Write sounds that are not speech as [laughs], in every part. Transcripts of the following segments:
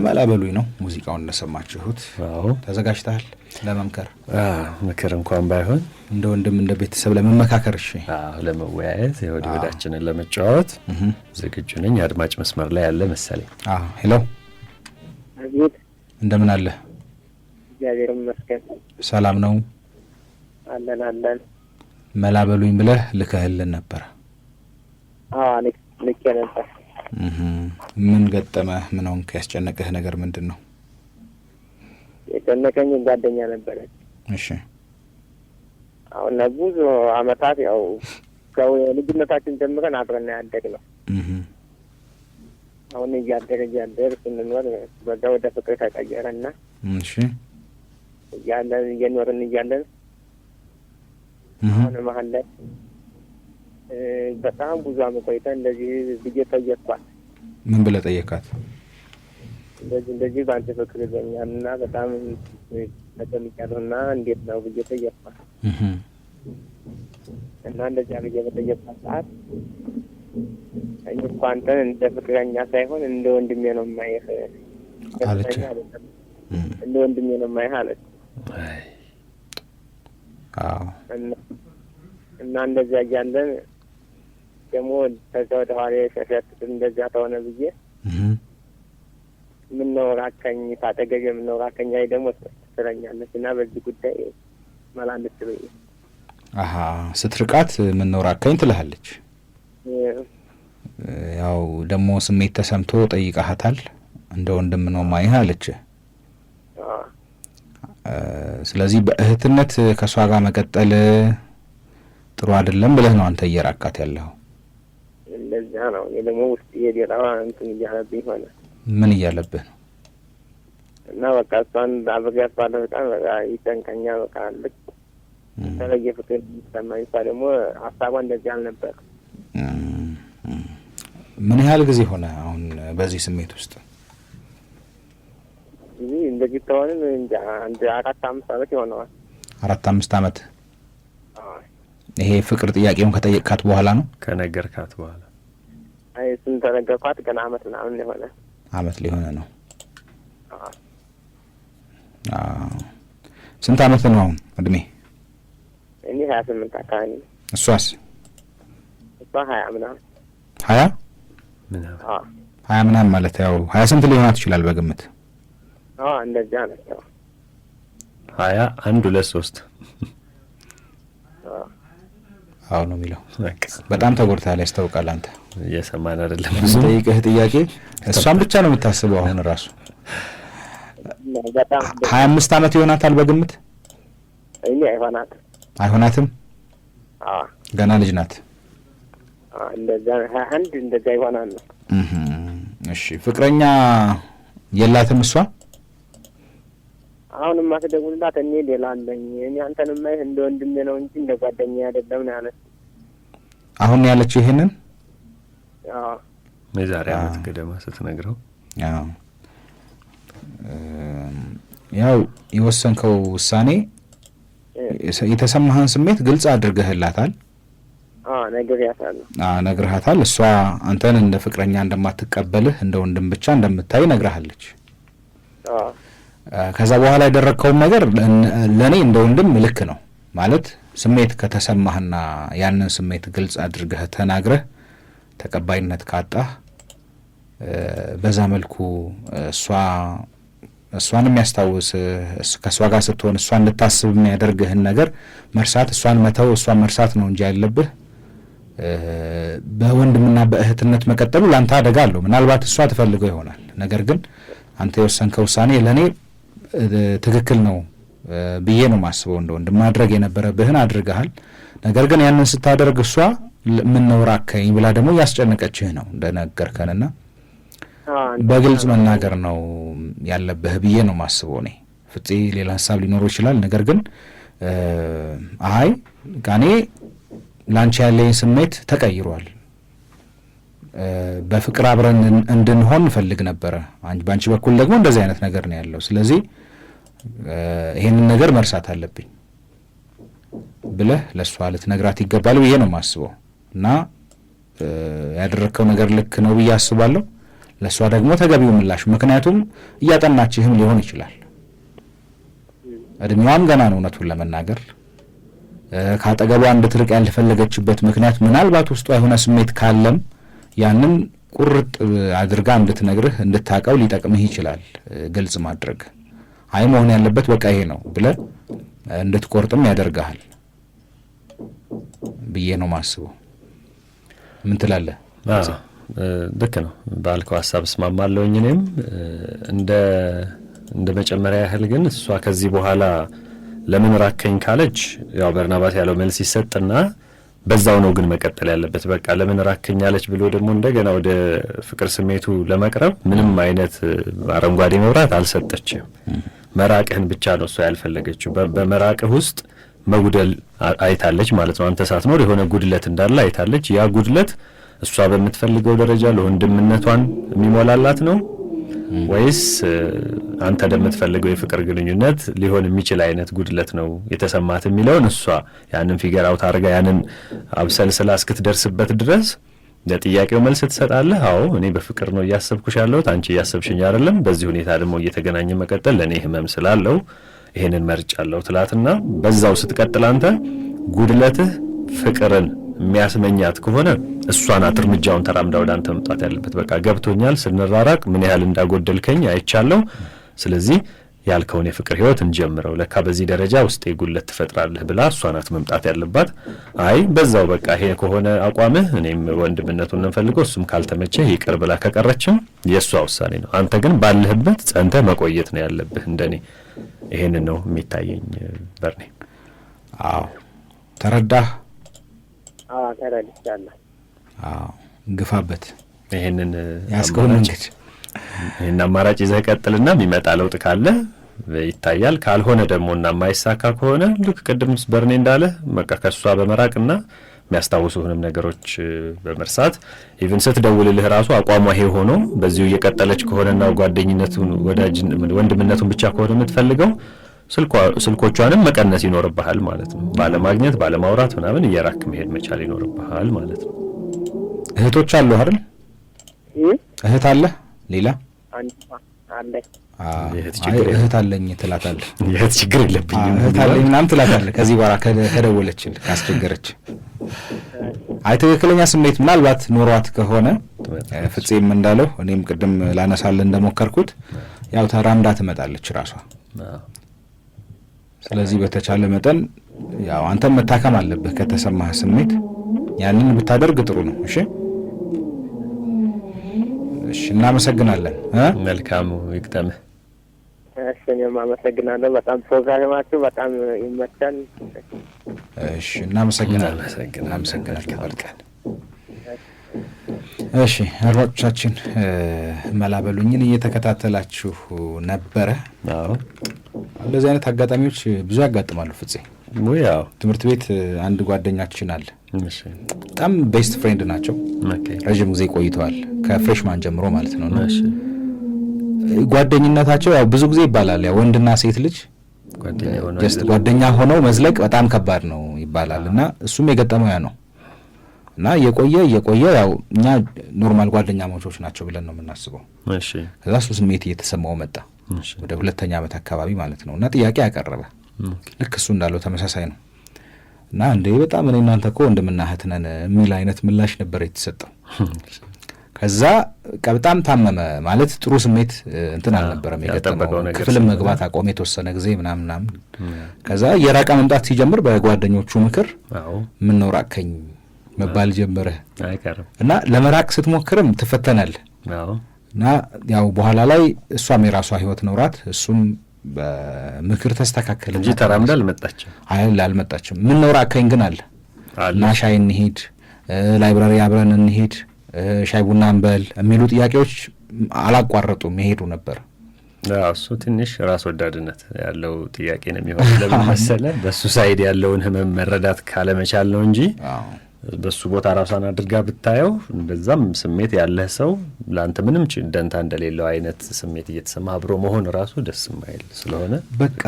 ብዬም ነው። ሙዚቃውን እንደሰማችሁት ተዘጋጅተሃል ለመምከር ምክር እንኳን ባይሆን እንደ ወንድም እንደ ቤተሰብ ለመመካከር፣ እሺ ለመወያየት፣ የወዲ ወዳችንን ለመጫወት ዝግጁ ነኝ። አድማጭ መስመር ላይ ያለ መሰለኝ። ሄሎ፣ እንደምን አለ? እግዚአብሔር ይመስገን። ሰላም ነው አለን አለን። መላ በሉኝ ብለህ ልከህልን ነበረ? ልኬ ነበር ምን ገጠመ ምን ሆንክ? ያስጨነቀህ ነገር ምንድን ነው? የጨነቀኝ ጓደኛ ነበረች። እሺ። አሁን ለብዙ አመታት ያው የልጅነታችን ጀምረን አብረን ነው። አሁን እያደር እያደር ስንኖር በዛ ወደ ፍቅር ተቀየረና እሺ እያለን እየኖርን እያለን አሁን መሀል ላይ በጣም ብዙ አመት ቆይተን እንደዚህ ብዬ ተየኳል ምን ብለህ ጠየካት? እንደዚህ እንደዚህ በአንተ ፍቅር ይዘኛል እና በጣም ተጨንቄያለሁ እና እንዴት ነው ብዬ ጠየኳት። እና እንደዚያ ብዬ በጠየኳት ሰዓት እኔ እኮ አንተን እንደ ፍቅረኛ ሳይሆን እንደ ወንድሜ ነው የማይህ አለች። እንደ ወንድሜ ነው የማይህ አለች። እና እንደዚያ እያለን ደግሞ ከዛ ወደ ኋላ ሸሸት እንደዚያ ከሆነ ብዬ ምነው ራካኝ ታጠገብ የምነው ራካኝ ላይ ደግሞ ትለኛለች እና በዚህ ጉዳይ መላ እንድትበይ አሀ ስትርቃት ምነው ራካኝ ትልሃለች። ያው ደግሞ ስሜት ተሰምቶ ጠይቀሃታል። እንደ ወንድም ነው ማይህ አለች። ስለዚህ በእህትነት ከእሷ ጋር መቀጠል ጥሩ አይደለም ብለህ ነው አንተ እየራካት ያለኸው። ለዛ ነው። እኔ ደግሞ ውስጥ የሌላዋ እንትን እያለብኝ ሆነ። ምን እያለብህ ነው? እና በቃ እሷን አብሬያት ባለ በጣም በቃ ይጨንቀኛል። በቃ ልክ የተለየ ፍቅር የሚሰማኝ እሷ ደግሞ ሀሳቧ እንደዚህ አልነበር። ምን ያህል ጊዜ ሆነ አሁን በዚህ ስሜት ውስጥ? እዚህ እንደዚህ ተሆንን አንድ አራት አምስት አመት ይሆነዋል። አራት አምስት አመት ይሄ ፍቅር ጥያቄውን ከጠየቅካት በኋላ ነው ከነገርካት በኋላ ስም ተነገርኳት ገና አመት ምናምን የሆነ አመት ሊሆነ ነው። ስንት አመት ነው አሁን እድሜ? እኔ ሀያ ስምንት አካባቢ። እሷስ? እሷ ሀያ ምናምን ሀያ ሀያ ምናምን ማለት ያው ሀያ ስንት ሊሆናት ይችላል በግምት እንደዚያ ነው። ሀያ አንድ ሁለት ሶስት አሁ ነው የሚለው። በጣም ላይ ያስታውቃል። አንተ እየሰማን አይደለም። ስጠይቅህ ጥያቄ እሷን ብቻ ነው የምታስበው። አሁን ራሱ ሀያ አምስት አመት ይሆናታል በግምት አይሆናትም። ገና ልጅ ናት። እንደዛ ይሆናል። እሺ ፍቅረኛ የላትም እሷ አሁን የማትደውልላት እኔ ሌላ አለኝ። እኔ አንተን ማይህ እንደ ወንድሜ ነው እንጂ እንደ ጓደኛ አይደለም ነው ያለች። አሁን ያለችው ይሄንን የዛሬ አመት ገደማ ስትነግረው ያው የወሰንከው ውሳኔ የተሰማህን ስሜት ግልጽ አድርገህላታል፣ ነግርሃታል። እሷ አንተን እንደ ፍቅረኛ እንደማትቀበልህ እንደ ወንድም ብቻ እንደምታይ ነግርሃለች። ከዛ በኋላ ያደረግከውም ነገር ለእኔ እንደ ወንድም ልክ ነው ማለት ስሜት ከተሰማህና ያንን ስሜት ግልጽ አድርገህ ተናግረህ ተቀባይነት ካጣህ በዛ መልኩ እሷ እሷን የሚያስታውስ ከእሷ ጋር ስትሆን እሷ እንድታስብ የሚያደርግህን ነገር መርሳት እሷን መተው እሷን መርሳት ነው እንጂ ያለብህ በወንድምና በእህትነት መቀጠሉ ለአንተ አደጋ አለው። ምናልባት እሷ ትፈልገው ይሆናል። ነገር ግን አንተ የወሰንከ ውሳኔ ለእኔ ትክክል ነው ብዬ ነው ማስበው። እንደ ወንድም ማድረግ የነበረብህን አድርገሃል። ነገር ግን ያንን ስታደርግ እሷ ምነው ራከኝ ብላ ደግሞ እያስጨነቀችህ ነው እንደነገርከንና በግልጽ መናገር ነው ያለብህ ብዬ ነው ማስበው። እኔ ፍፄ ሌላ ሀሳብ ሊኖረው ይችላል። ነገር ግን አይ ጋኔ ላንቺ ያለኝ ስሜት ተቀይሯል በፍቅር አብረን እንድንሆን እንፈልግ ነበረ። በአንቺ በኩል ደግሞ እንደዚህ አይነት ነገር ነው ያለው፣ ስለዚህ ይህንን ነገር መርሳት አለብኝ ብለህ ለእሷ ልትነግራት ይገባል ብዬ ነው የማስበው እና ያደረግከው ነገር ልክ ነው ብዬ አስባለሁ። ለእሷ ደግሞ ተገቢው ምላሽ ምክንያቱም እያጠናችህም ሊሆን ይችላል። እድሜዋም ገና ነው እውነቱን ለመናገር ከአጠገቧ እንድትርቅ ያልፈለገችበት ምክንያት ምናልባት ውስጧ የሆነ ስሜት ካለም ያንን ቁርጥ አድርጋ እንድትነግርህ እንድታቀው ሊጠቅምህ ይችላል። ግልጽ ማድረግ አይ መሆን ያለበት በቃ ይሄ ነው ብለ እንድትቆርጥም ያደርግሃል ብዬ ነው ማስበው። ምን ትላለህ? ልክ ነው። ባልከው ሀሳብ እስማማለሁኝ። እኔም እንደ መጨመሪያ ያህል ግን እሷ ከዚህ በኋላ ለምን ራከኝ ካለች ያው በርናባስ ያለው መልስ ይሰጥና በዛው ነው ግን መቀጠል ያለበት። በቃ ለምን ራከኛለች ብሎ ደግሞ እንደገና ወደ ፍቅር ስሜቱ ለመቅረብ ምንም አይነት አረንጓዴ መብራት አልሰጠችም። መራቅህን ብቻ ነው እሷ ያልፈለገችው። በመራቅህ ውስጥ መጉደል አይታለች ማለት ነው። አንተ ሳትኖር የሆነ ጉድለት እንዳለ አይታለች። ያ ጉድለት እሷ በምትፈልገው ደረጃ ለወንድምነቷን የሚሞላላት ነው ወይስ አንተ ለምትፈልገው የፍቅር ግንኙነት ሊሆን የሚችል አይነት ጉድለት ነው የተሰማት የሚለውን እሷ ያንን ፊገር አውት አድርጋ ያንን አብሰልስላ እስክትደርስበት ድረስ ለጥያቄው መልስ ትሰጣለህ። አዎ እኔ በፍቅር ነው እያሰብኩሽ ያለሁት፣ አንቺ እያሰብሽኝ አይደለም። በዚህ ሁኔታ ደግሞ እየተገናኘ መቀጠል ለእኔ ህመም ስላለው ይሄንን መርጫለሁ ትላትና በዛው ስትቀጥል አንተ ጉድለትህ ፍቅርን የሚያስመኛት ከሆነ እሷ ናት እርምጃውን ተራምዳ ወደ አንተ መምጣት ያለበት። በቃ ገብቶኛል፣ ስንራራቅ ምን ያህል እንዳጎደልከኝ አይቻለሁ። ስለዚህ ያልከውን የፍቅር ህይወት እንጀምረው፣ ለካ በዚህ ደረጃ ውስጤ ጉለት ትፈጥራለህ ብላ እሷ ናት መምጣት ያለባት። አይ በዛው በቃ ይሄ ከሆነ አቋምህ፣ እኔም ወንድምነቱን እንፈልገው፣ እሱም ካልተመቸህ ይቅር ብላ ከቀረችም የእሷ ውሳኔ ነው። አንተ ግን ባለህበት ጸንተህ መቆየት ነው ያለብህ። እንደኔ ይሄንን ነው የሚታየኝ በርኔ። አዎ ተረዳህ። ተረድቻለሁ። ግፋበት። ይህንን ያስገውን መንገድ ይህን አማራጭ ይዘህ ቀጥልና የሚመጣ ለውጥ ካለ ይታያል። ካልሆነ ደግሞ እና የማይሳካ ከሆነ ልክ ቅድም በርኔ እንዳለ በቃ ከእሷ በመራቅና የሚያስታውሱህንም ነገሮች በመርሳት ኢቨን ስትደውልልህ ራሱ አቋሟ ይሄ ሆኖ በዚሁ እየቀጠለች ከሆነና ጓደኝነቱን ወዳጅ ወንድምነቱን ብቻ ከሆነ የምትፈልገው ስልኮቿንም መቀነስ ይኖርብሃል ማለት ነው። ባለማግኘት ባለማውራት ምናምን እየራክ መሄድ መቻል ይኖርብሃል ማለት ነው። እህቶች አሉ አይደል? እህት አለ ሌላ እህት አለኝ ትላታለህ። [laughs] እህት ችግር የለብኝም እህት አለኝ ምናምን ትላታለህ። ከዚህ በኋላ ከደወለችልህ ካስቸገረች፣ አይ ትክክለኛ ስሜት ምናልባት ኖሯት ከሆነ ፍፄም እንዳለው እኔም ቅድም ላነሳልህ እንደሞከርኩት ያው ተራምዳ ትመጣለች ራሷ ስለዚህ በተቻለ መጠን ያው አንተም መታከም አለብህ ከተሰማህ ስሜት ያንን ብታደርግ ጥሩ ነው። እሺ እሺ፣ እናመሰግናለን። መልካሙ ይግጠምህ። እሺ፣ እኔም አመሰግናለሁ። በጣም ፕሮግራማችሁ በጣም ይመቻል። እሺ፣ እናመሰግናለን። እናመሰግናለን። በርቀን እሺ አድማጮቻችን መላበሉኝን እየተከታተላችሁ ነበረ። እንደዚህ አይነት አጋጣሚዎች ብዙ ያጋጥማሉ። ፍፄ ትምህርት ቤት አንድ ጓደኛችን አለ፣ በጣም ቤስት ፍሬንድ ናቸው። ረዥም ጊዜ ቆይተዋል፣ ከፍሬሽማን ጀምሮ ማለት ነው። ጓደኝነታቸው ያው ብዙ ጊዜ ይባላል፣ ያው ወንድና ሴት ልጅ ጓደኛ ሆነው መዝለቅ በጣም ከባድ ነው ይባላል እና እሱም የገጠመው ያ ነው እና የቆየ የቆየ ያው እኛ ኖርማል ጓደኛ መቾች ናቸው ብለን ነው የምናስበው። ከዛ እሱ ስሜት እየተሰማው መጣ ወደ ሁለተኛ ዓመት አካባቢ ማለት ነው። እና ጥያቄ ያቀረበ ልክ እሱ እንዳለው ተመሳሳይ ነው እና እንዴ በጣም እኔ እናንተ እኮ ወንድምና እህት ነን የሚል አይነት ምላሽ ነበር የተሰጠው። ከዛ በጣም ታመመ ማለት ጥሩ ስሜት እንትን አልነበረም የገጠመው። ክፍልም መግባት አቆመ የተወሰነ ጊዜ ምናምን ምናምን። ከዛ የራቀ መምጣት ሲጀምር በጓደኞቹ ምክር ምን ራቅከኝ መባል ጀመረ እና ለመራቅ ስትሞክርም ትፈተናል እና ያው በኋላ ላይ እሷም የራሷ ህይወት ኖራት እሱም በምክር ተስተካከለ እንጂ ተራምዳ አልመጣችም። አይ አልመጣችም። ምን ነው ራከኝ ግን አለ እና ሻይ እንሄድ፣ ላይብራሪ አብረን እንሄድ፣ ሻይ ቡና እንበል የሚሉ ጥያቄዎች አላቋረጡም ይሄዱ ነበር። እሱ ትንሽ ራስ ወዳድነት ያለው ጥያቄ ነው የሚሆን ለምን [laughs] መሰለህ? ሳይድ ያለውን ህመም መረዳት ካለመቻል ነው እንጂ በሱ ቦታ ራሷን አድርጋ ብታየው እንደዛም ስሜት ያለህ ሰው ለአንተ ምንም ደንታ እንደሌለው አይነት ስሜት እየተሰማ አብሮ መሆን ራሱ ደስ ማይል ስለሆነ በቃ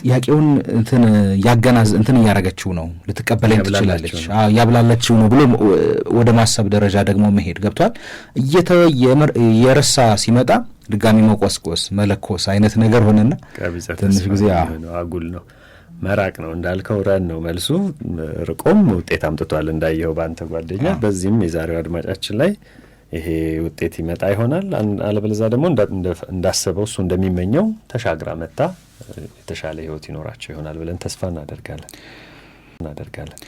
ጥያቄውን እንትን ያገናዝ እንትን እያረገችው ነው፣ ልትቀበለኝ ትችላለች፣ ያብላለችው ነው ብሎ ወደ ማሰብ ደረጃ ደግሞ መሄድ ገብቷል። የረሳ ሲመጣ ድጋሚ መቆስቆስ መለኮስ አይነት ነገር ሆነና ትንሽ ጊዜ አጉል ነው። መራቅ ነው እንዳልከው፣ ረን ነው መልሱ። ርቆም ውጤት አምጥቷል እንዳየው በአንተ ጓደኛ። በዚህም የዛሬው አድማጫችን ላይ ይሄ ውጤት ይመጣ ይሆናል። አለበለዛ ደግሞ እንዳሰበው እሱ እንደሚመኘው ተሻግራ መታ የተሻለ ህይወት ይኖራቸው ይሆናል ብለን ተስፋ እናደርጋለን እናደርጋለን።